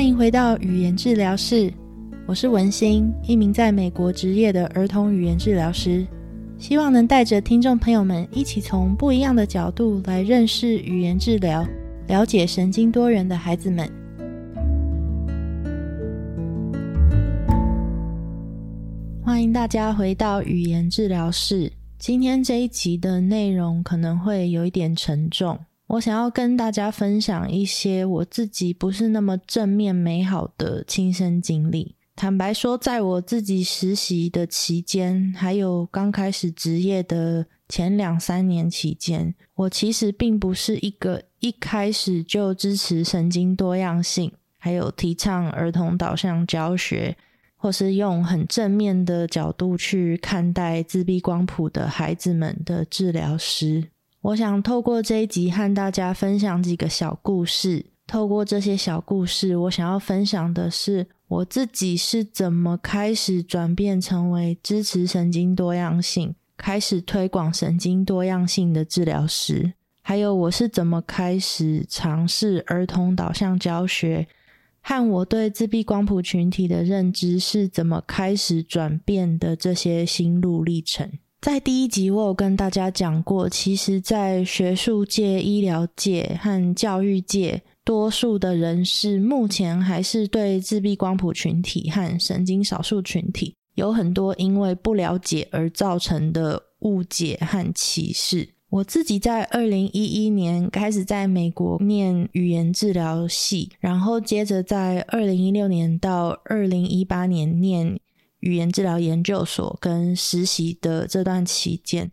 歡迎回到語言摯聊室，我是文馨，一名在美國執業的兒童語言治療師，希望能帶着聽眾朋友們一起從不一樣的角度來認識語言治療，了解神經多元的孩子們。歡迎大家回到語言摯聊室，今天這一集的內容可能會有一點沉重。我想要跟大家分享一些我自己不是那麼正面、美好的親身經歷。坦白說，在我自己實習的期間，還有剛開始職業的前兩三年期間，我其實並不是一個一開始就支持神經多樣性，還有提倡兒童導向教學，或是用很正面的角度去看待自閉光譜的孩子們的治療師。我想透過這一集和大家分享幾個小故事。透過這些小故事，我想要分享的是我自己是怎麼開始轉變成為支持神經多樣性、開始推廣神經多樣性的治療師，還有我是怎麼開始嘗試兒童導向教學，和我對自閉光譜群體的認知是怎麼開始轉變的這些心路歷程。在第一集，我有跟大家講過，其實，在學術界、醫療界和教育界，多數的人士目前還是對自閉光譜群體和神經少數群體有很多因為不了解而造成的誤解和歧視。我自己在二零一一年開始在美國念語言治療系，然後接着在二零一六年到二零一八年念語言治療研究所、跟實習的這段期間，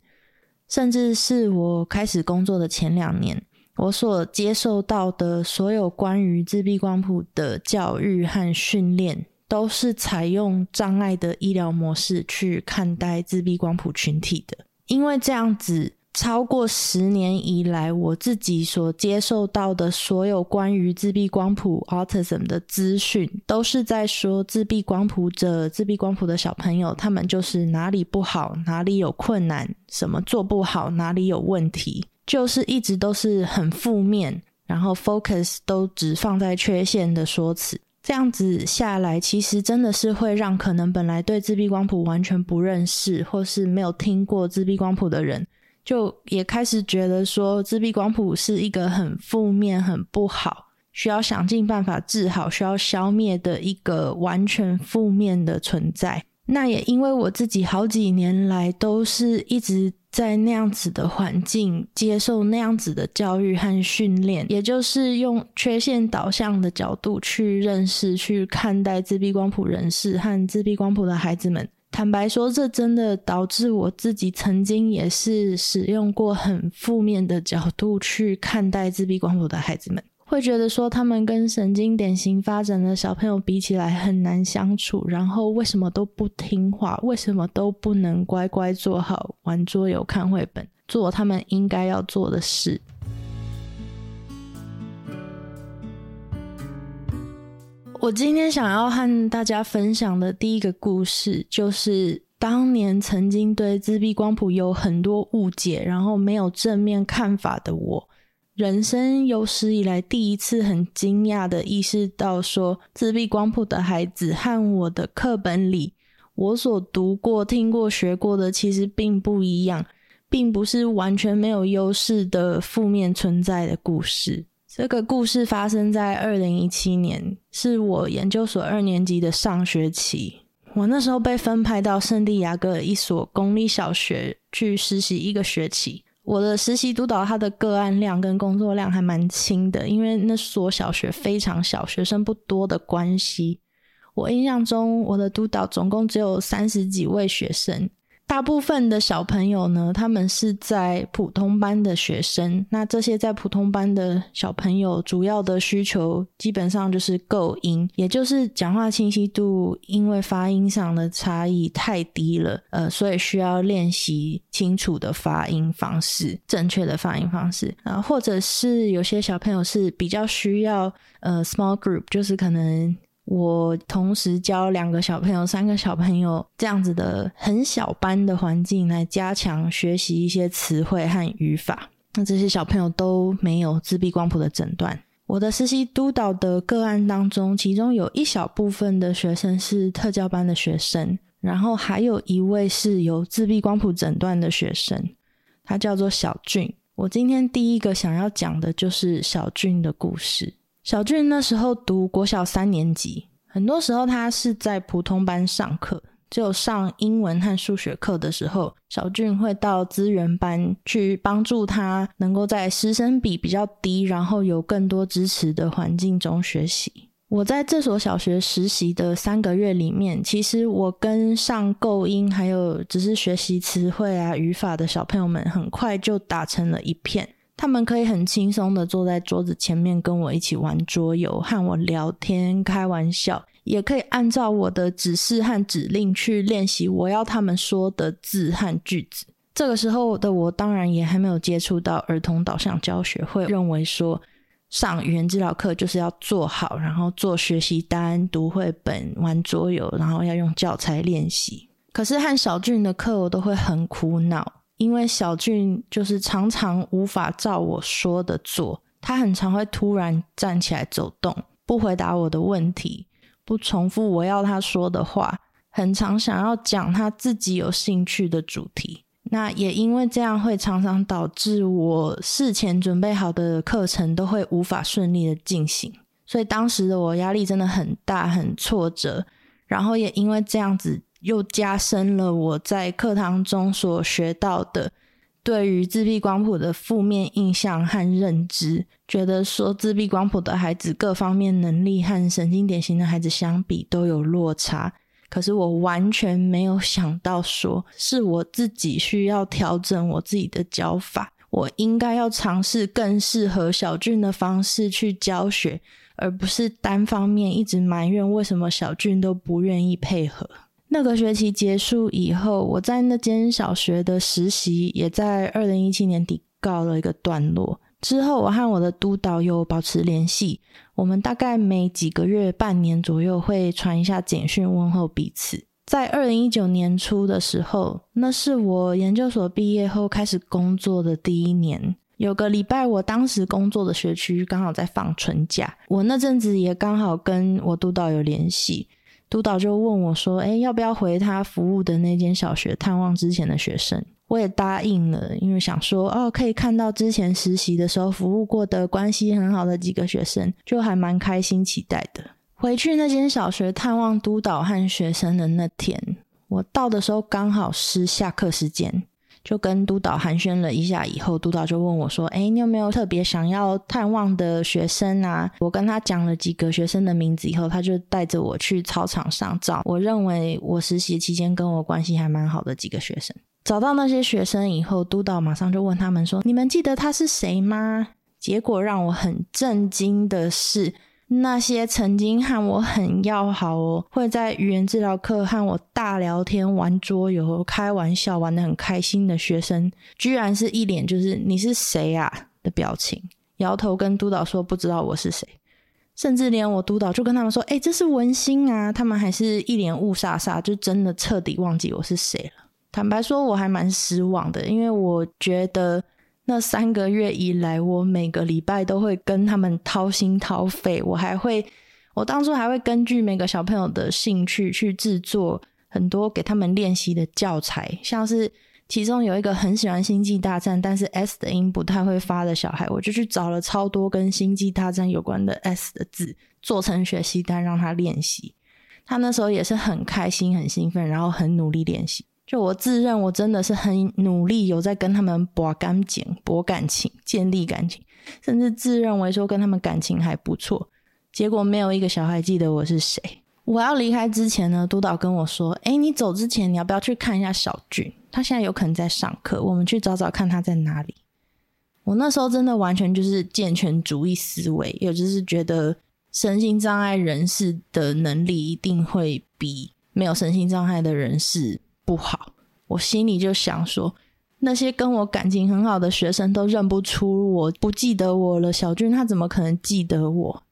甚至是我開始工作的前兩年，我所接受到的所有關於自閉光譜的教育和訓練，都是採用障礙的醫療模式去看待自閉光譜群體的。因為這樣子，超過十年以來，我自己所接受到的所有關於自閉光譜 （autism） 的資訊，都是在說自閉光譜者、自閉光譜的小朋友，他們就是哪裡不好，哪裡有困難，什麼做不好，哪裡有問題，就是一直都是很負面，然後 focus 都只放在缺陷的說辭。這樣子下來，其實真的是會讓可能本來對自閉光譜完全不認識，或是沒有聽過自閉光譜的人，就也開始覺得說，自閉光譜是一個很負面、很不好，需要想盡辦法治好、需要消滅的一個完全負面的存在。那也因為我自己好幾年來都是一直在那樣子的環境，接受那樣子的教育和訓練，也就是用缺陷導向的角度去認識、去看待自閉光譜人士和自閉光譜的孩子們。坦白說，這真的導致我自己曾經也是使用過很負面的角度去看待自閉光譜的孩子們，會覺得說他們跟神經典型發展的小朋友比起來很難相處，然後為什麼都不聽話，為什麼都不能乖乖坐好、玩桌遊、看繪本、做他們應該要做的事。我今天想要和大家分享的第一個故事，就是當年曾經對自閉光譜有很多誤解，然後沒有正面看法的我，人生有史以來第一次很驚訝的意識到，說自閉光譜的孩子和我的課本裡我所讀過、聽過、學過的，其實並不一樣，並不是完全沒有優勢的負面存在的故事。這個故事發生在二零一七年，是我研究所二年級的上學期。我那時候被分派到聖地亞哥一所公立小學去實習一個學期。我的實習督導他的個案量跟工作量還蠻輕的，因為那所小學非常小，學生不多的關係。我印象中，我的督導總共只有三十幾位學生。大部分的小朋友呢，他們是在普通班的學生。那這些在普通班的小朋友，主要的需求基本上就是構音，也就是講話清晰度，因為發音上的差異太低了，呃，所以需要練習清楚的發音方式，正確的發音方式啊，呃，或者是有些小朋友是比較需要，呃，small group，就是可能，我同時教兩個小朋友、三個小朋友這樣子的很小班的環境來加強學習一些詞彙和語法。那這些小朋友都沒有自閉光譜的診斷。我的實習督導的個案當中，其中有一小部分的學生是特教班的學生，然後還有一位是有自閉光譜診斷的學生，他叫做小俊。我今天第一個想要講的就是小俊的故事。小俊那時候讀國小三年級，很多時候他是在普通班上課，只有上英文和數學課的時候，小俊會到資源班去幫助他，能夠在師生比比較低，然後有更多支持的環境中學習。我在這所小學實習的三個月裡面，其實我跟上構音還有只是學習詞彙啊語法的小朋友們，很快就打成了一片。他們可以很輕鬆的坐在桌子前面跟我一起玩桌遊，和我聊天、開玩笑，也可以按照我的指示和指令去練習我要他們說的字和句子。這個時候的我當然也還沒有接觸到兒童導向教學，會認為說上語言治療課就是要做好，然後做學習單、讀繪本、玩桌遊，然後要用教材練習。可是和小俊的課，我都會很苦惱。因為小俊就是常常無法照我說的做，他很常會突然站起來走動，不回答我的問題，不重複我要他說的話，很常想要講他自己有興趣的主題。那也因為這樣，會常常導致我事前準備好的課程都會無法順利的進行，所以當時的我壓力真的很大，很挫折，然後也因為這樣子。又加深了我在課堂中所學到的對於自閉光譜的負面印象和認知，覺得說自閉光譜的孩子各方面能力和神經典型的孩子相比都有落差。可是我完全沒有想到說是我自己需要調整我自己的教法，我應該要嘗試更適合小俊的方式去教學，而不是單方面一直埋怨為什麼小俊都不願意配合。那個學期結束以後，我在那間小學的實習也在二零一七年底告了一個段落。之後，我和我的督導有保持聯繫，我們大概每幾個月、半年左右會傳一下簡訊問候彼此。在二零一九年初的時候，那是我研究所畢業後開始工作的第一年。有個禮拜，我當時工作的學區剛好在放春假，我那陣子也剛好跟我督導有聯繫。督導就問我說：“誒，要不要回他服務的那間小學探望之前的學生？”我也答應了，因為想說哦，可以看到之前實習的時候服務過的關係很好的幾個學生，就還蠻開心期待的。回去那間小學探望督導和學生的那天，我到的時候剛好是下課時間。就跟督導寒暄了一下以後，督導就問我說：“誒，你有沒有特別想要探望的學生啊？”我跟他講了幾個學生的名字以後，他就帶着我去操場上找我認為我實習期間跟我關係還蠻好的幾個學生。找到那些學生以後，督導馬上就問他們說：“你們記得他是誰嗎？”結果讓我很震驚的是，那些曾經和我很要好哦，會在語言治療課和我大聊天、玩桌遊、開玩笑、玩得很開心的學生，居然是一臉就是你是誰啊的表情，搖頭跟督導說不知道我是誰，甚至連我督導就跟他們說，哎、欸，這是文馨啊，他們還是一臉霧煞煞，就真的徹底忘記我是誰了。坦白說，我還蠻失望的，因為我覺得。那三個月以來，我每個禮拜都會跟他們掏心掏肺。我還會，我當初還會根據每個小朋友的興趣去制作很多給他們練習的教材，像是其中有一個很喜歡《星際大戰》，但是 S 的音不太會發的小孩，我就去找了超多跟《星際大戰》有關的 S 的字，做成學習單讓他練習。他那時候也是很開心、很興奮，然後很努力練習。就我自認我真的是很努力，有在跟他們博感情、博感情、建立感情，甚至自認為說跟他們感情還不錯。結果沒有一個小孩記得我是誰。我要離開之前呢，督導跟我說：“哎，你走之前，你要不要去看一下小俊？他現在有可能在上課，我們去找找看他在哪裡。”我那時候真的完全就是健全主義思維，也就是覺得身心障礙人士的能力一定會比沒有身心障礙的人士不好，我心裡就想說，那些跟我感情很好的學生都認不出我，不記得我了。小俊他怎麼可能記得我？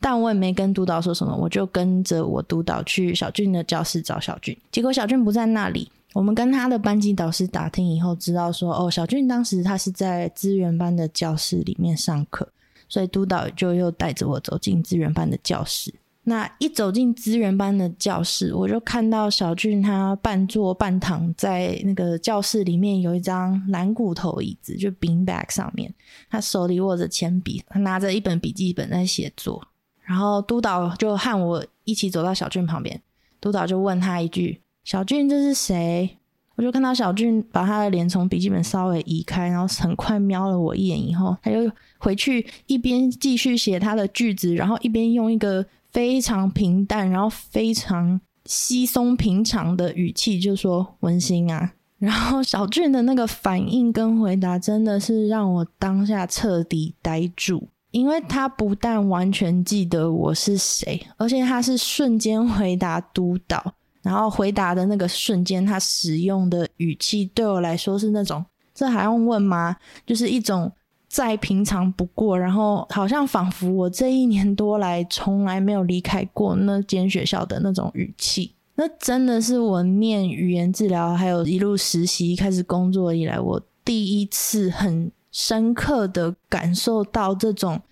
但我也沒跟督導說什麼，我就跟着我督導去小俊的教室找小俊。結果小俊不在那裡，我們跟他的班級導師打聽以後，知道說，哦，小俊當時他是在資源班的教室裡面上課，所以督導就又帶着我走進資源班的教室。那一走進資源班的教室，我就看到小俊他半坐半躺在那個教室裡面，有一張懶骨頭椅子，就 beanbag 上面，他手裡握着鉛筆，他拿着一本筆記本在寫作。然後督導就和我一起走到小俊旁邊，督導就問他一句：“小俊，這是誰？”我就看到小俊把他的臉從筆記本稍微移開，然後很快瞄了我一眼以後，他就回去一邊繼續寫他的句子，然後一邊用一個。非常平淡，然後非常稀鬆平常的語氣就是、說：“文馨啊。”然後小俊的那個反應跟回答真的是讓我當下徹底呆住，因為他不但完全記得我是誰，而且他是瞬間回答督導，然後回答的那個瞬間，他使用的語氣對我來說是那種“這還用問嗎？”就是一種。再平常不過，然後好像仿佛我這一年多來從來沒有離開過那間學校的那種語氣，那真的是我念語言治療，還有一路實習，開始工作以來，我第一次很深刻的感受到這種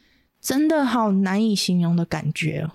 真的好難以形容的感覺。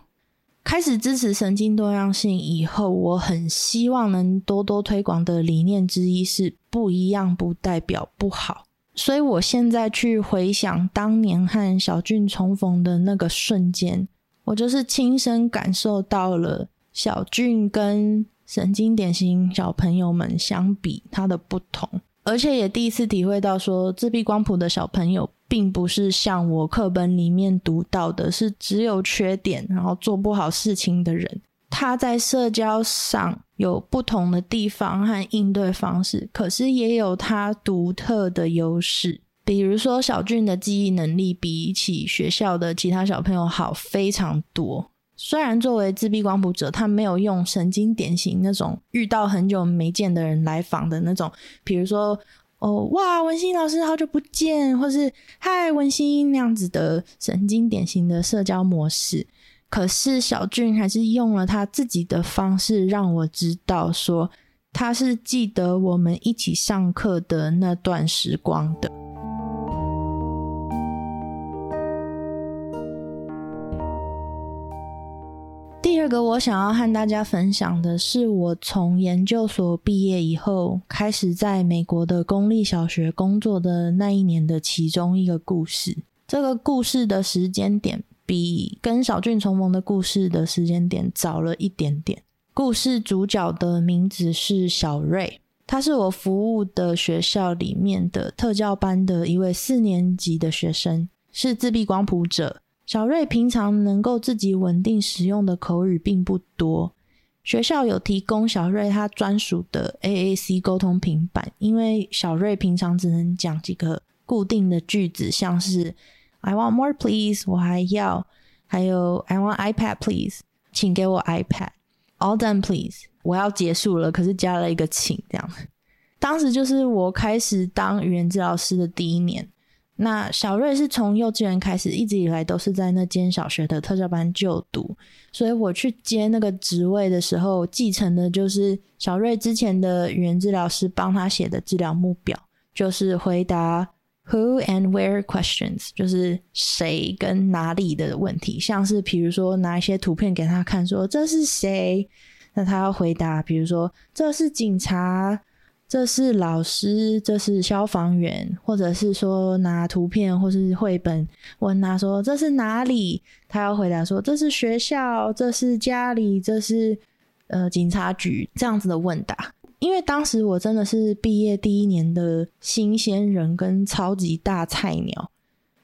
開始支持神經多樣性以後，我很希望能多多推廣的理念之一是不一樣不代表不好。所以，我現在去回想當年和小俊重逢的那個瞬間，我就是親身感受到了小俊跟神經典型小朋友們相比，他的不同，而且也第一次體會到說，自閉光譜的小朋友並不是像我課本裡面讀到的，是只有缺點，然後做不好事情的人。他在社交上有不同的地方和應對方式，可是也有他獨特的優勢。比如說，小俊的記憶能力比起學校的其他小朋友好非常多。雖然作為自閉光譜者，他沒有用神經典型那種遇到很久沒見的人來訪的那種，比如說“哦哇，文馨老師好久不見”或是“嗨，文馨”那樣子的神經典型的社交模式。可是小俊還是用了他自己的方式讓我知道，說他是記得我們一起上課的那段時光的。第二個我想要和大家分享的是，我從研究所畢業以後，開始在美國的公立小學工作的那一年的其中一個故事。這個故事的時間點。比跟小俊重逢的故事的時間點早了一點點。故事主角的名字是小瑞，他是我服務的學校裡面的特教班的一位四年級的學生，是自閉光譜者。小瑞平常能夠自己穩定使用的口語並不多，學校有提供小瑞他專屬的 AAC 溝通平板，因為小瑞平常只能講幾個固定的句子，像是。I want more, please. 我還要，還有，I want iPad, please. 請給我 iPad. All done, please. 我要結束了，可是加了一個請，這樣。當時就是我開始當語言治療師的第一年，那小瑞是從幼稚園開始，一直以來都是在那間小學的特教班就讀，所以我去接那個職位的時候，繼承的就是小瑞之前的語言治療師幫他寫的治療目標，就是回答。Who and where questions 就是誰跟哪裡的問題，像是比如說拿一些圖片給他看說，說這是誰，那他要回答，比如說這是警察，這是老師，這是消防員，或者是說拿圖片或是繪本問他說這是哪裡，他要回答說這是學校，這是家裡，這是呃警察局這樣子的問答。因為當時我真的是畢業第一年的新鮮人，跟超級大菜鳥，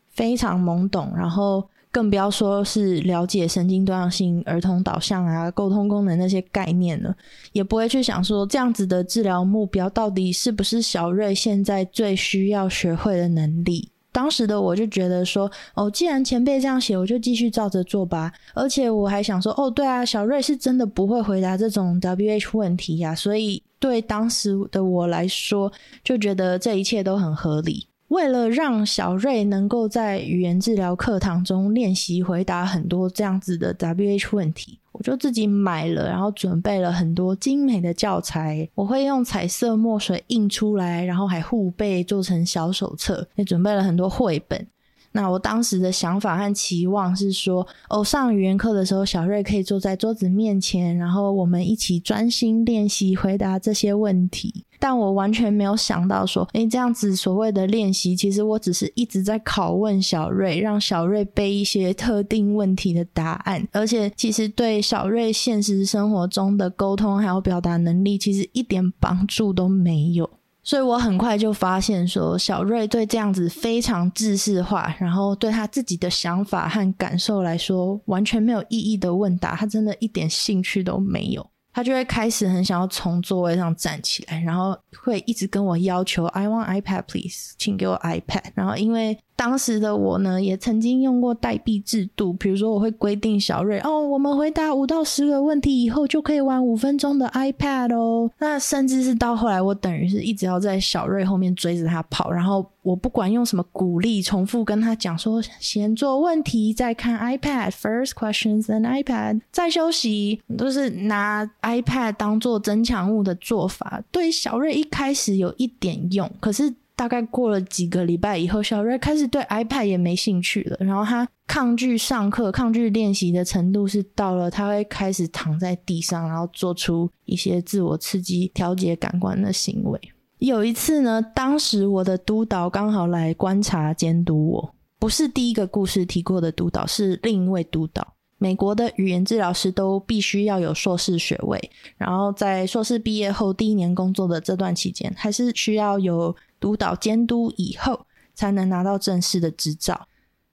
非常懵懂，然後更不要說是了解神經多樣性、兒童導向啊、溝通功能那些概念了，也不會去想說這樣子的治療目標到底是不是小瑞現在最需要學會的能力。當時的我就覺得說，哦，既然前輩這樣寫，我就繼續照着做吧。而且我還想說，哦，對啊，小瑞是真的不會回答這種 WH 問題呀、啊。所以對當時的我來說，就覺得這一切都很合理。為了讓小瑞能夠在語言治療課堂中練習回答很多這樣子的 WH 問題。我就自己買了，然後準備了很多精美的教材。我會用彩色墨水印出來，然後還護貝做成小手冊。也準備了很多繪本。那我當時的想法和期望是說，哦，上語言課的時候，小瑞可以坐在桌子面前，然後我們一起專心練習回答這些問題。但我完全沒有想到說，誒，這樣子所謂的練習，其實我只是一直在拷問小瑞，讓小瑞背一些特定問題的答案，而且其實對小瑞現實生活中的溝通還有表達能力，其實一點幫助都沒有。所以我很快就發現，說小瑞對這樣子非常知識化，然後對他自己的想法和感受來說完全沒有意義的問答，他真的一點興趣都沒有。他就會開始很想要從座位上站起來，然後會一直跟我要求：“I want iPad, please，請給我 iPad。”然後因為。當時的我呢，也曾經用過代幣制度，比如說我會規定小瑞哦，我們回答五到十個問題以後就可以玩五分鐘的 iPad 哦。那甚至是到後來，我等於是一直要在小瑞後面追着他跑，然後我不管用什麼鼓勵，重複跟他講說先做問題，再看 iPad，First questions and iPad，再休息，都、就是拿 iPad 當做增強物的做法，對小瑞一開始有一點用，可是。大概過了幾個禮拜以後，小瑞開始對 iPad 也沒興趣了。然後他抗拒上課、抗拒練習的程度是到了，他會開始躺在地上，然後做出一些自我刺激、調節感官的行為。有一次呢，當時我的督導剛好來觀察監督我，我不是第一個故事提過的督導，是另一位督導。美國的語言治療師都必須要有碩士學位，然後在碩士畢業後第一年工作的這段期間，還是需要有。督導監督以後，才能拿到正式的執照。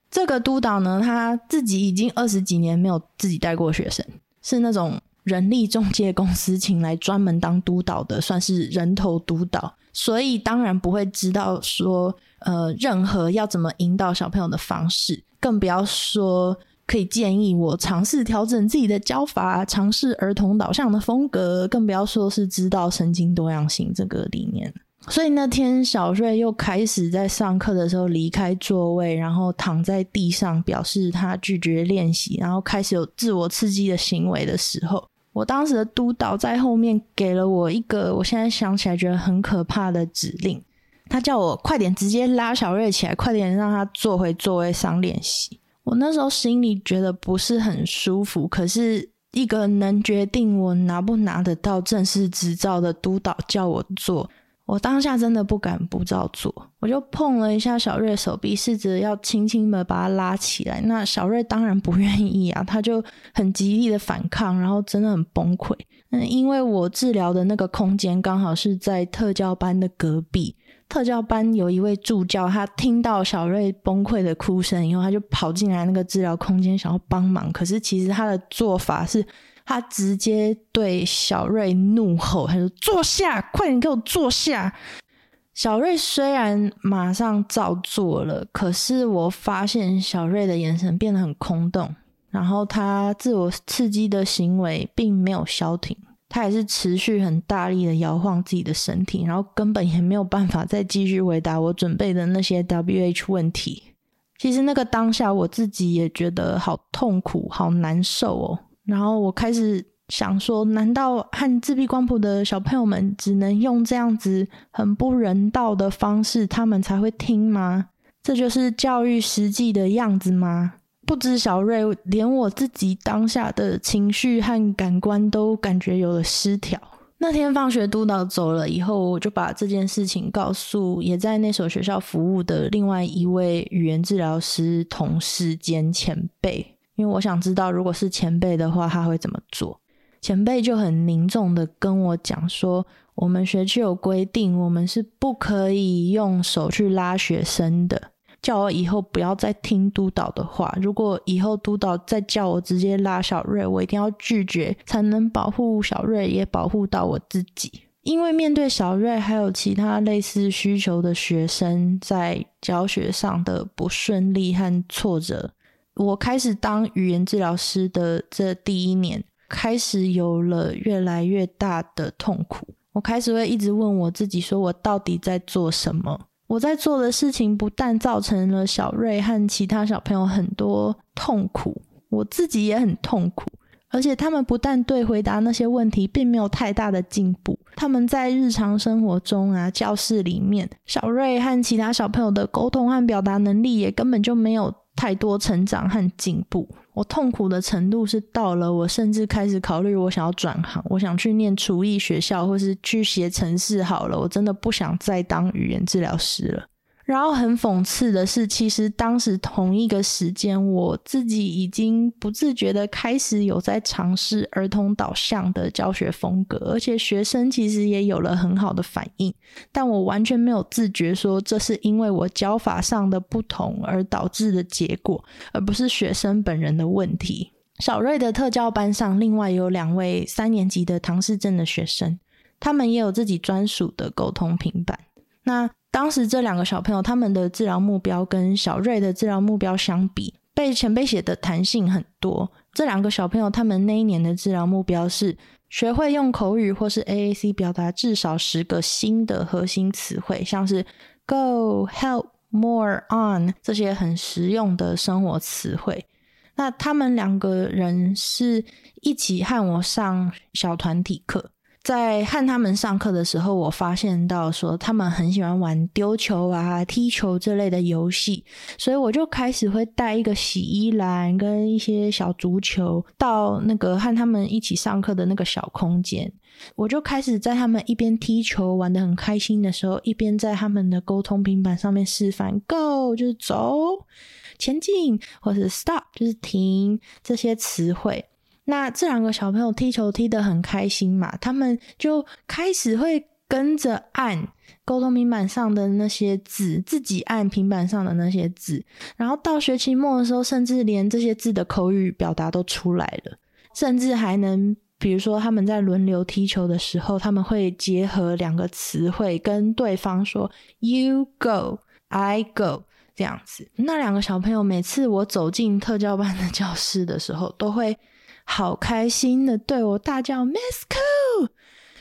這個督導呢，他自己已經二十幾年沒有自己帶過學生，是那種人力中介公司請來專門當督導的，算是人頭督導，所以當然不會知道說，呃，任何要怎麼引導小朋友的方式，更不要說可以建議我嘗試調整自己的教法，嘗試兒童導向的風格，更不要說是知道神經多樣性這個理念。所以那天，小瑞又開始在上課的時候離開座位，然後躺在地上，表示他拒絕練習，然後開始有自我刺激的行為的時候，我當時的督導在後面給了我一個我現在想起來覺得很可怕的指令，他叫我快點直接拉小瑞起來，快點讓他坐回座位上練習。我那時候心裡覺得不是很舒服，可是一個能決定我拿不拿得到正式執照的督導叫我做。我當下真的不敢不照做，我就碰了一下小瑞手臂，試着要輕輕的把他拉起來。那小瑞當然不願意啊，他就很極力的反抗，然後真的很崩潰。嗯，因為我治療的那個空間剛好是在特教班的隔壁，特教班有一位助教，他聽到小瑞崩潰的哭聲以後，他就跑進來那個治療空間想要幫忙，可是其實他的做法是。他直接對小瑞怒吼，他說：“坐下，快點給我坐下！”小瑞雖然馬上照做了，可是我發現小瑞的眼神變得很空洞，然後他自我刺激的行為並沒有消停，他還是持續很大力的搖晃自己的身體，然後根本也沒有辦法再繼續回答我準備的那些 WH 問題。其實那個當下，我自己也覺得好痛苦，好難受哦。然後我開始想說，難道和自閉光譜的小朋友們只能用這樣子很不人道的方式，他們才會聽嗎？這就是教育實際的樣子嗎？不只小瑞，連我自己當下的情緒和感官都感覺有了失調。那天放學督導走了以後，我就把這件事情告訴也在那所學校服務的另外一位語言治療師同事兼前輩。因為我想知道，如果是前輩的話，他會怎麼做？前輩就很凝重的跟我講說：“我們學區有規定，我們是不可以用手去拉學生的，叫我以後不要再聽督導的話。如果以後督導再叫我直接拉小瑞，我一定要拒絕，才能保護小瑞，也保護到我自己。因為面對小瑞還有其他類似需求的學生，在教學上的不順利和挫折。”我開始當語言治療師的這第一年，開始有了越來越大的痛苦。我開始會一直問我自己，說我到底在做什麼？我在做的事情不但造成了小瑞和其他小朋友很多痛苦，我自己也很痛苦。而且他們不但對回答那些問題並沒有太大的進步，他們在日常生活中啊，教室裡面，小瑞和其他小朋友的溝通和表達能力也根本就沒有太多成長和進步，我痛苦的程度是到了，我甚至開始考慮，我想要轉行，我想去念廚藝學校，或是去寫程式好了，我真的不想再當語言治療師了。然後很諷刺的是，其實當時同一個時間，我自己已經不自覺地開始有在嘗試兒童導向的教學風格，而且學生其實也有了很好的反應，但我完全沒有自覺說這是因為我教法上的不同而導致的結果，而不是學生本人的問題。小瑞的特教班上，另外有兩位三年級的唐氏症的學生，他們也有自己專屬的溝通平板。那。當時這兩個小朋友，他們的治療目標跟小瑞的治療目標相比，被前輩寫的彈性很多。這兩個小朋友，他們那一年的治療目標是學會用口語或是 AAC 表達至少十個新的核心詞彙，像是 Go, Help, More, On 這些很實用的生活詞彙。那他們兩個人是一起和我上小團體課。在和他們上課的時候，我發現到說他們很喜歡玩丟球啊、踢球這類的遊戲，所以我就開始會帶一個洗衣籃跟一些小足球到那個和他們一起上課的那個小空間，我就開始在他們一邊踢球玩得很開心的時候，一邊在他們的溝通平板上面示範 “go 就是走前進，”或是 stop 就是停”這些詞彙。那這兩個小朋友踢球踢得很開心嘛，他們就開始會跟着按溝通平板上的那些字，自己按平板上的那些字，然後到學期末的時候，甚至連這些字的口語表達都出來了，甚至還能，比如說他們在輪流踢球的時候，他們會結合兩個詞彙跟對方說 “You go, I go” 這樣子。那兩個小朋友每次我走進特教班的教室的時候，都會，好開心的，對我大叫 “Miss Cool”。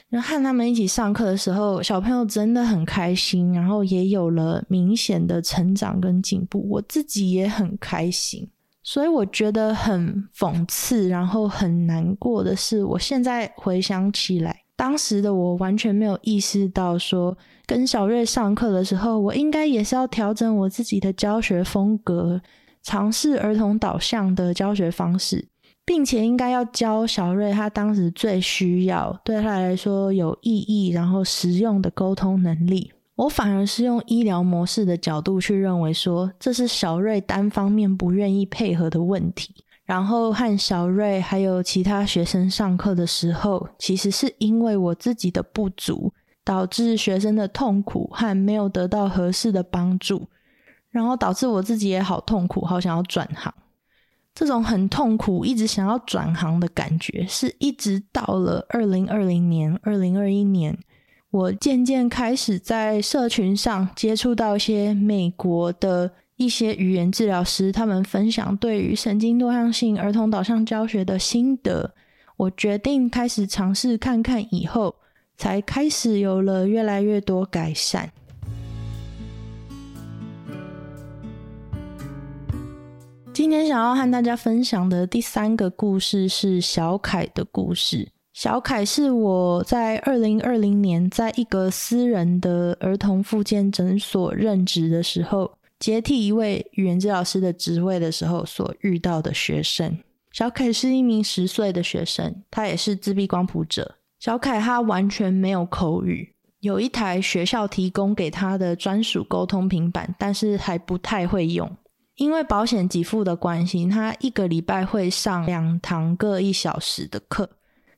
然後和他們一起上課的時候，小朋友真的很開心，然後也有了明顯的成長跟進步，我自己也很開心。所以我覺得很諷刺，然後很難過的是，我現在回想起來，當時的我完全沒有意識到說，說跟小瑞上課的時候，我應該也是要調整我自己的教學風格，嘗試兒童導向的教學方式。並且應該要教小瑞，他當時最需要，對他來說有意義，然後實用的溝通能力。我反而是用醫療模式的角度去認為說，這是小瑞單方面不願意配合的問題。然後和小瑞還有其他學生上課的時候，其實是因為我自己的不足，導致學生的痛苦和沒有得到合適的幫助，然後導致我自己也好痛苦，好想要轉行。這種很痛苦，一直想要轉行的感覺，是一直到了二零二零年、二零二一年，我漸漸開始在社群上接觸到一些美國的一些語言治療師，他們分享對於神經多樣性兒童導向教學的心得，我決定開始嘗試看看以後，才開始有了越來越多改善。今天想要和大家分享的第三個故事是小凱的故事。小凱是我在二零二零年在一個私人的兒童復健診所任職的時候，接替一位語言治療師的職位的時候所遇到的學生。小凱是一名十歲的學生，他也是自閉光譜者。小凱他完全沒有口語，有一台學校提供給他的專屬溝通平板，但是還不太會用。因為保險給付的關係，他一個禮拜會上兩堂各一小時的課。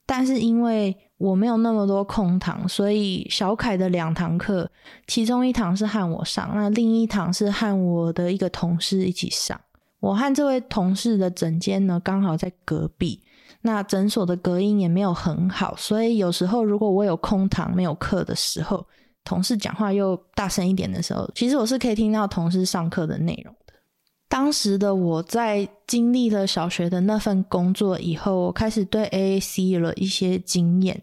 但是因為我沒有那麼多空堂，所以小凱的兩堂課，其中一堂是和我上，那另一堂是和我的一個同事一起上。我和這位同事的診間呢，剛好在隔壁。那診所的隔音也沒有很好，所以有時候如果我有空堂沒有課的時候，同事講話又大聲一點的時候，其實我是可以聽到同事上課的內容。當時的我在經歷了小學的那份工作以後，我開始對 AAC 有了一些經驗。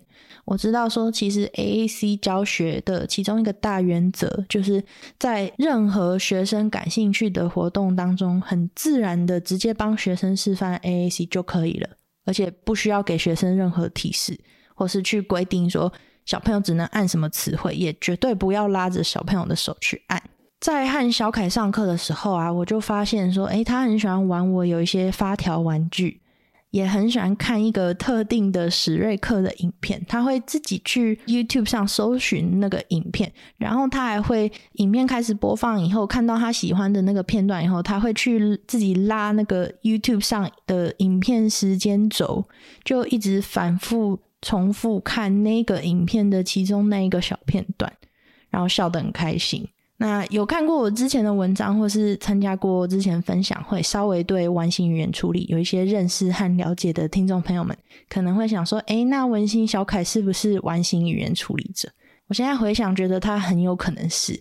我知道說，其實 AAC 教學的其中一個大原則，就是在任何學生感興趣的活動當中，很自然的直接幫學生示範 AAC 就可以了，而且不需要給學生任何提示，或是去規定說小朋友只能按什麼詞彙，也絕對不要拉着小朋友的手去按。在和小凱上課的時候啊，我就發現說，誒，他很喜歡玩我有一些發條玩具，也很喜歡看一個特定的史瑞克的影片。他會自己去 YouTube 上搜尋那個影片，然後他還會影片開始播放以後，看到他喜歡的那個片段以後，他會去自己拉那個 YouTube 上的影片時間軸，就一直反覆重複看那個影片的其中那一個小片段，然後笑得很開心。那有看過我之前的文章，或是參加過之前分享會，稍微對完形語言處理有一些認識和了解的聽眾朋友們，可能會想說：“誒、欸，那文馨小凱是不是完形語言處理者？”我現在回想，覺得他很有可能是，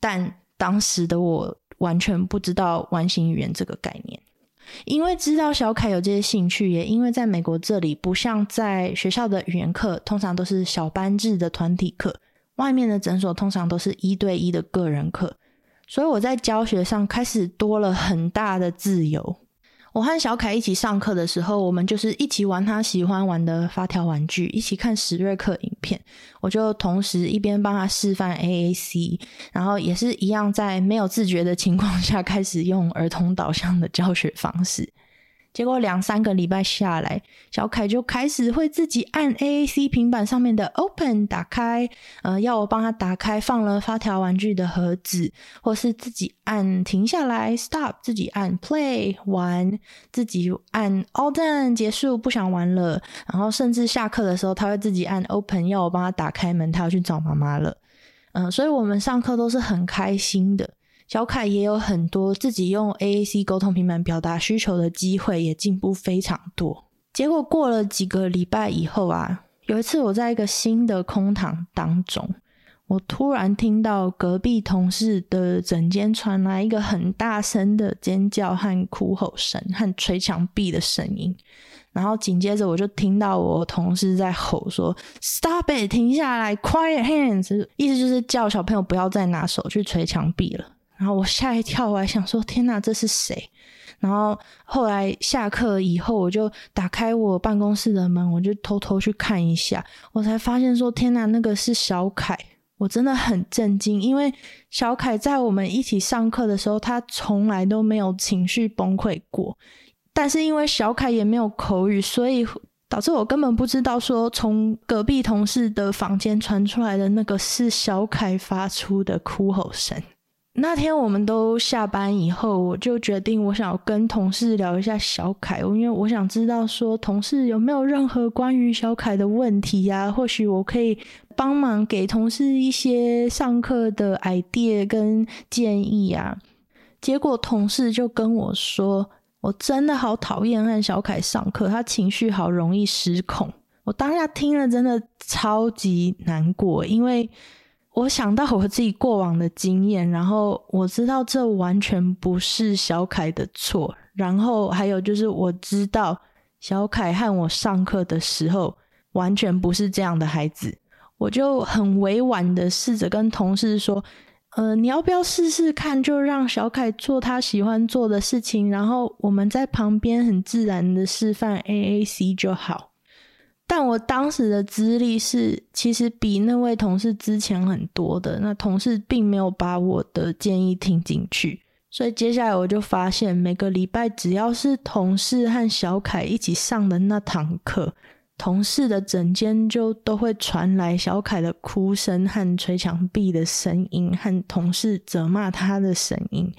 但當時的我完全不知道完形語言這個概念。因為知道小凱有這些興趣，也因為在美國這裡，不像在學校的語言課，通常都是小班制的團體課。外面的診所通常都是一對一的個人課，所以我在教學上開始多了很大的自由。我和小凱一起上課的時候，我們就是一起玩他喜歡玩的發條玩具，一起看史瑞克影片，我就同時一邊幫他示範 AAC，然後也是一樣在沒有自覺的情況下開始用兒童導向的教學方式。結果兩三個禮拜下來，小凱就開始會自己按 AAC 平板上面的 Open 打開，呃，要我幫他打開，放了發條玩具的盒子，或是自己按停下來 Stop，自己按 Play 玩，自己按 All done 結束，不想玩了。然後甚至下課的時候，他會自己按 Open 要我幫他打開門，他要去找媽媽了。嗯、呃，所以我們上課都是很開心的。小凱也有很多自己用 AAC 溝通平板表達需求的機會，也進步非常多。結果過了幾個禮拜以後啊，有一次我在一個新的空堂當中，我突然聽到隔壁同事的診間傳來一個很大聲的尖叫和哭吼聲，和捶牆壁的聲音。然後緊接着我就聽到我同事在吼說：“Stop it！停下來！Quiet hands！” 意思就是叫小朋友不要再拿手去捶牆壁了。然後我嚇一跳，我還想說天吶，這是誰？然後後來下課以後，我就打開我辦公室的門，我就偷偷去看一下，我才發現說天吶，那個是小凱，我真的很震驚，因為小凱在我們一起上課的時候，他從來都沒有情緒崩潰過，但是因為小凱也沒有口語，所以導致我根本不知道說從隔壁同事的房間傳出來的那個是小凱發出的哭吼聲。那天我們都下班以後，我就決定，我想跟同事聊一下小凱，因為我想知道說同事有沒有任何關於小凱的問題啊？或許我可以幫忙給同事一些上課的 idea 跟建議啊。結果同事就跟我說，我真的好討厭和小凱上課，他情緒好容易失控。我當下聽了真的超級難過，因為，我想到我自己過往的經驗，然後我知道這完全不是小凱的錯。然後還有就是我知道小凱和我上課的時候完全不是這樣的孩子，我就很委婉的試着跟同事說，呃，你要不要試試看，就讓小凱做他喜歡做的事情，然後我們在旁邊很自然的示範 AAC 就好。但我當時的資歷是，其實比那位同事之前很多的。那同事並沒有把我的建議聽進去，所以接下來我就發現，每個禮拜只要是同事和小凱一起上的那堂課，同事的診間就都會傳來小凱的哭聲和捶牆壁的聲音，和同事責罵他的聲音，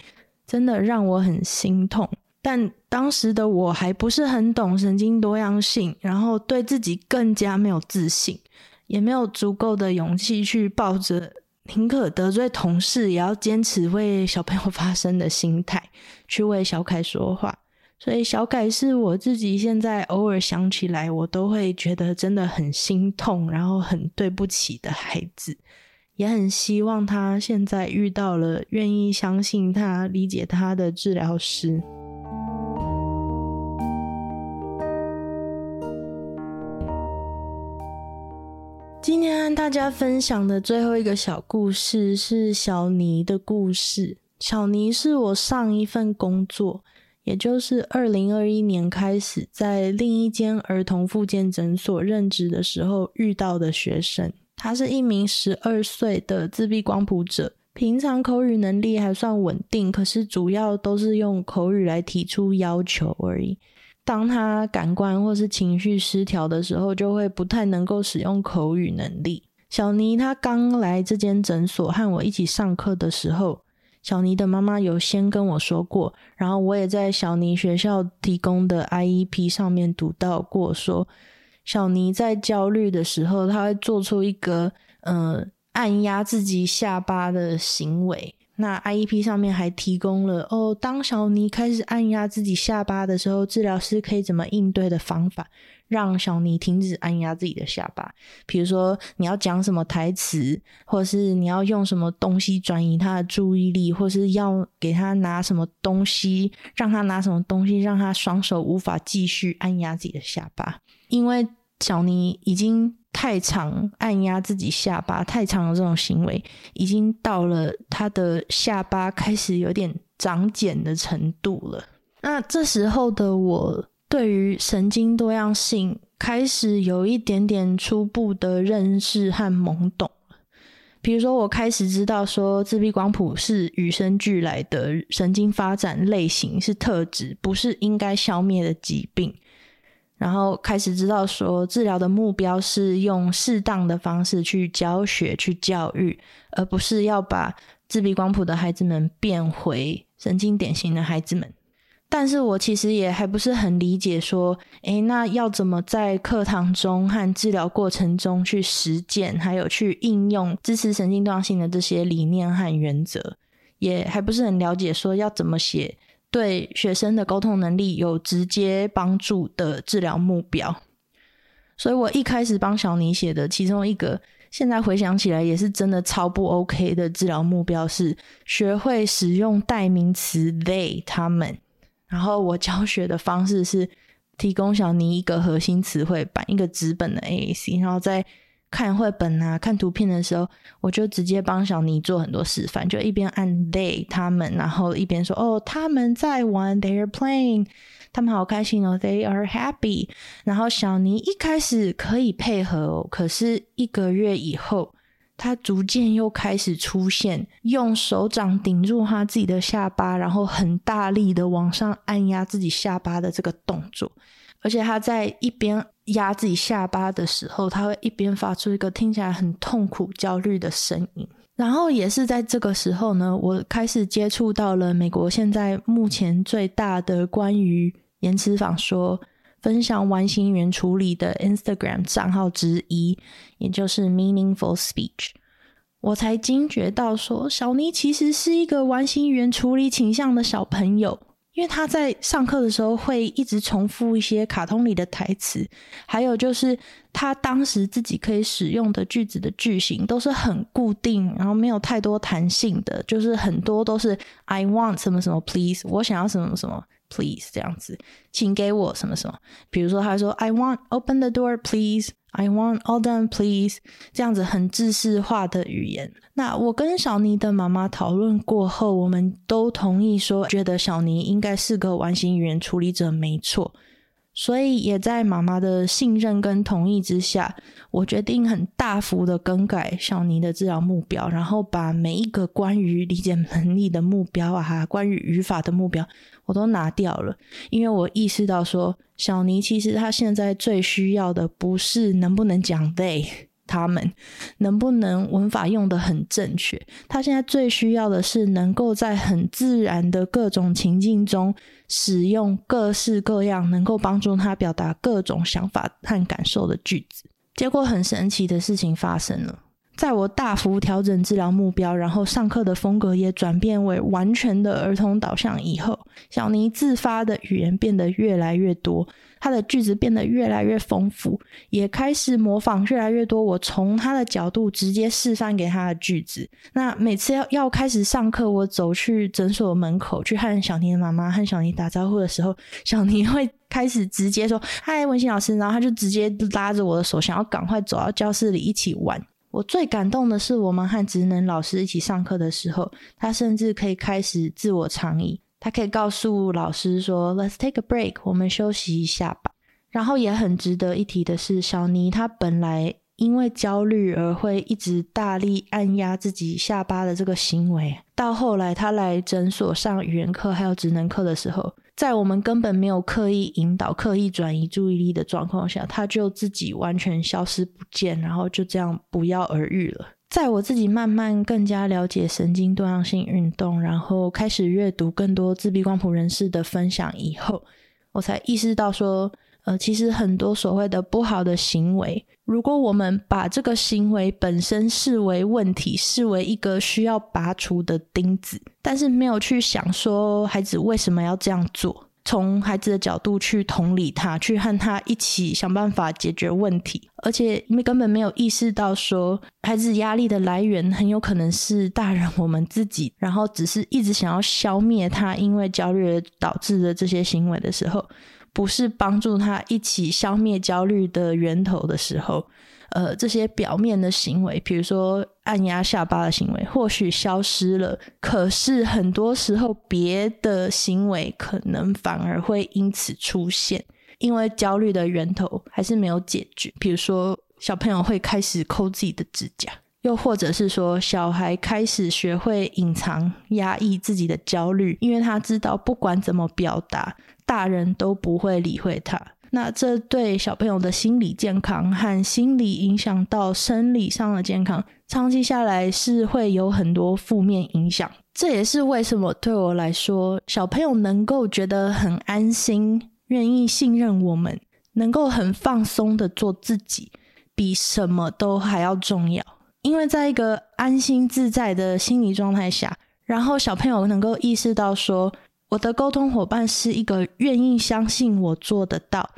真的讓我很心痛。但當時的我還不是很懂神經多樣性，然後對自己更加沒有自信，也沒有足夠的勇氣去抱着寧可得罪同事也要堅持為小朋友發聲的心態去為小凱說話。所以小凱是我自己現在偶爾想起來，我都會覺得真的很心痛，然後很對不起的孩子，也很希望他現在遇到了願意相信他、理解他的治療師。今天跟大家分享的最後一個小故事是小尼的故事。小尼是我上一份工作，也就是二零二一年開始在另一間兒童復健診所任職的時候遇到的學生。他是一名十二歲的自閉光譜者，平常口語能力還算穩定，可是主要都是用口語來提出要求而已。當他感官或是情緒失調的時候，就會不太能夠使用口語能力。小尼他剛來這間診所和我一起上課的時候，小尼的媽媽有先跟我說過，然後我也在小尼學校提供的 IEP 上面讀到過，說小尼在焦慮的時候，他會做出一個呃按壓自己下巴的行為。那 IEP 上面還提供了哦，當小尼開始按壓自己下巴的時候，治療師可以怎麼應對的方法，讓小尼停止按壓自己的下巴。比如說，你要講什麼台詞，或是你要用什麼東西轉移他的注意力，或是要給他拿什麼東西，讓他拿什麼東西，讓他雙手無法繼續按壓自己的下巴，因為小尼已經太常，按壓自己下巴太常的這種行為已經到了他的下巴開始有點長繭的程度了。那這時候的我，對於神經多樣性開始有一點點初步的認識和懵懂。比如說，我開始知道說，自閉光譜是與生俱來的神經發展類型，是特質，不是應該消滅的疾病。然後開始知道說，治療的目標是用適當的方式去教學、去教育，而不是要把自閉光譜的孩子們變回神經典型的孩子們。但是我其實也還不是很理解，說，誒，那要怎麼在課堂中和治療過程中去實踐，還有去應用支持神經多樣性的這些理念和原則，也還不是很了解，說要怎麼寫對學生的溝通能力有直接幫助的治療目標，所以我一開始幫小妮寫的其中一個，現在回想起來也是真的超不 OK 的治療目標是學會使用代名詞 they 他們。然後我教學的方式是提供小妮一個核心詞彙板，一個紙本的 AAC，然後在。看繪本啊，看圖片的時候，我就直接幫小尼做很多示範，就一邊按 they 他們，然後一邊說哦，他們在玩，they are playing，他們好開心哦，they are happy。然後小尼一開始可以配合哦，可是一個月以後，他逐漸又開始出現用手掌頂住他自己的下巴，然後很大力的往上按壓自己下巴的這個動作。而且他在一邊壓自己下巴的時候，他會一邊發出一個聽起來很痛苦、焦慮的聲音。然後也是在這個時候呢，我開始接觸到了美國現在目前最大的關於延遲仿說、分享完形語言處理的 Instagram 賬號之一，也就是 Meaningful Speech。我才驚覺到說，小尼其實是一個完形語言處理傾向的小朋友。因為他在上課的時候會一直重複一些卡通裡的台詞，還有就是他當時自己可以使用的句子的句型都是很固定，然後沒有太多彈性的，就是很多都是 I want 什麼什麼 please，我想要什麼什麼 please 這樣子，請給我什麼什麼。比如說他說 I want open the door please，I want all done please，這樣子很制式化的語言。那我跟小尼的媽媽討論過後，我們都同意說，覺得小尼應該是個完形語言處理者，沒錯。所以也在媽媽的信任跟同意之下，我決定很大幅的更改小尼的治療目標，然後把每一個關於理解能力的目標啊，關於語法的目標，我都拿掉了，因為我意識到說，小尼其實他現在最需要的不是能不能講對。他們能不能文法用得很正確？他現在最需要的是能夠在很自然的各種情境中使用各式各樣能夠幫助他表達各種想法和感受的句子。結果很神奇的事情發生了。在我大幅調整治療目標，然後上課的風格也轉變為完全的兒童導向以後，小妮自發的語言變得越來越多，他的句子變得越來越豐富，也開始模仿越來越多我從他的角度直接示範給他的句子。那每次要要開始上課，我走去診所門口去和小妮的媽媽和小妮打招呼的時候，小妮會開始直接說：“嗨，文馨老師。”然後他就直接拉着我的手，想要趕快走到教室裡一起玩。我最感動的是，我們和職能老師一起上課的時候，他甚至可以開始自我倡議，他可以告訴老師說：“Let's take a break，我們休息一下吧。”然後也很值得一提的是，小尼他本來因為焦慮而會一直大力按壓自己下巴的這個行為，到後來他來診所上語言課還有職能課的時候。在我們根本沒有刻意引導、刻意轉移注意力的狀況下，他就自己完全消失不見，然後就這樣不藥而癒了。在我自己慢慢更加了解神經多樣性運動，然後開始閱讀更多自閉光譜人士的分享以後，我才意識到說，呃，其實很多所謂的不好的行為。如果我們把這個行為本身視為問題，視為一個需要拔除的釘子，但是沒有去想說孩子為什麼要這樣做，從孩子的角度去同理他，去和他一起想辦法解決問題，而且你根本沒有意識到說孩子壓力的來源很有可能是大人我們自己，然後只是一直想要消滅他，因為焦慮導致的這些行為的時候。不是幫助他一起消滅焦慮的源頭的時候，呃，這些表面的行為，比如說按壓下巴的行為，或許消失了，可是很多時候別的行為可能反而會因此出現，因為焦慮的源頭還是沒有解決。比如說，小朋友會開始摳自己的指甲，又或者是說，小孩開始學會隱藏、壓抑抑自己的焦慮，因為他知道不管怎麼表達。大人都不會理會他，那這對小朋友的心理健康和心理影響到生理上的健康，長期下來是會有很多負面影響。這也是為什麼對我來說，小朋友能夠覺得很安心，願意信任我們，能夠很放鬆的做自己，比什麼都還要重要。因為在一個安心自在的心理狀態下，然後小朋友能夠意識到說，我的溝通夥伴是一個願意相信我做得到、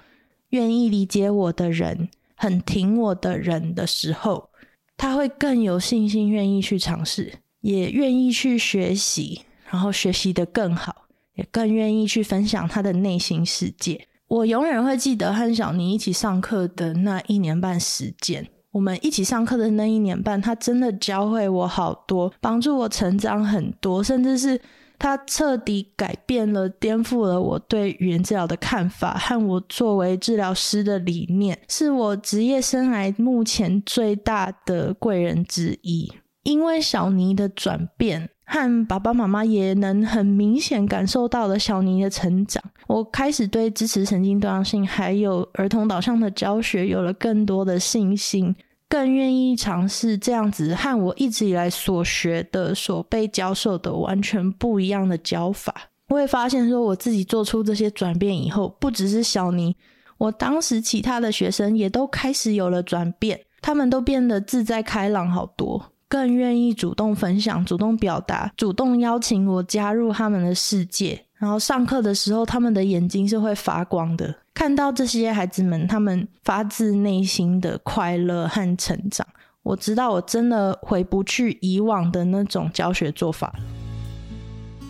願意理解我的人，很挺我的人的時候，他會更有信心，願意去嘗試，也願意去學習，然後學習得更好，也更願意去分享他的內心世界。我永遠會記得和小妮一起上課的那一年半時間，我們一起上課的那一年半，他真的教會我好多，幫助我成長很多，甚至是。他徹底改變了、顛覆了我對語言治療的看法和我作為治療師的理念，是我職業生涯目前最大的貴人之一。因為小尼的轉變，和爸爸媽媽也能很明顯感受到了小尼的成長，我開始對支持神經多樣性還有兒童導向的教學有了更多的信心。更願意嘗試這樣子和我一直以來所學的、所被教授的完全不一樣的教法。我也發現說，我自己做出這些轉變以後，不只是小尼，我當時其他的學生也都開始有了轉變，他們都變得自在開朗好多，更願意主動分享、主動表達、主動邀請我加入他們的世界。然後上課的時候，他們的眼睛是會發光的。看到這些孩子們，他們發自內心的快樂和成長，我知道我真的回不去以往的那種教學做法了。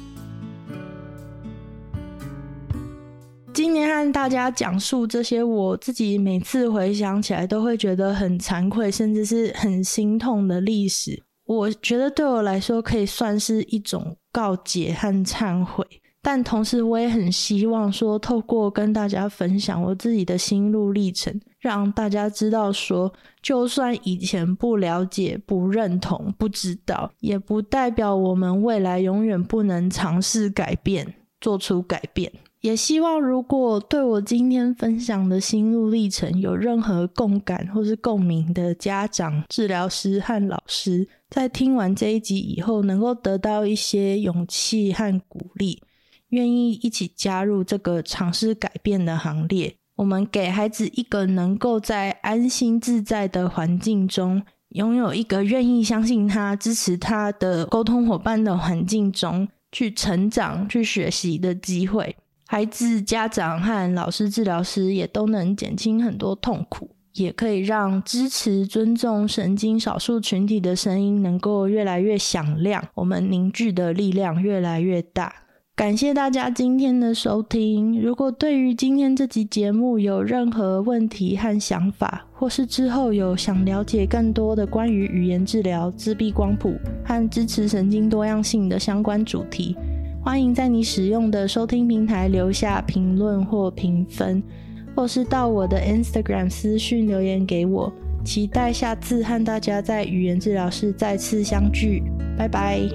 今年和大家講述這些，我自己每次回想起來都會覺得很慚愧，甚至是很心痛的歷史。我覺得對我來說，可以算是一種告解和懺悔。但同時，我也很希望說，透過跟大家分享我自己的心路歷程，讓大家知道說，就算以前不了解、不認同、不知道，也不代表我們未來永遠不能嘗試改變、做出改變。也希望，如果對我今天分享的心路歷程有任何共感或是共鳴的家長、治療師和老師，在聽完這一集以後，能夠得到一些勇氣和鼓勵。願意一起加入這個嘗試改變的行列。我們給孩子一個能夠在安心自在的環境中，擁有一個願意相信他、支持他的溝通伙伴的環境中去成長、去學習的機會。孩子、家長和老師、治療師也都能減輕很多痛苦，也可以讓支持、尊重神經少數群體的聲音能夠越來越響亮，我們凝聚的力量越來越大。感謝大家今天的收聽。如果對於今天這集節目有任何問題和想法，或是之後有想了解更多的關於語言治療、自閉光譜和支持神經多樣性的相關主題，歡迎在你使用的收聽平台留下評論或評分，或是到我的 Instagram 私訊留言給我。期待下次和大家在語言摯聊室再次相聚。拜拜。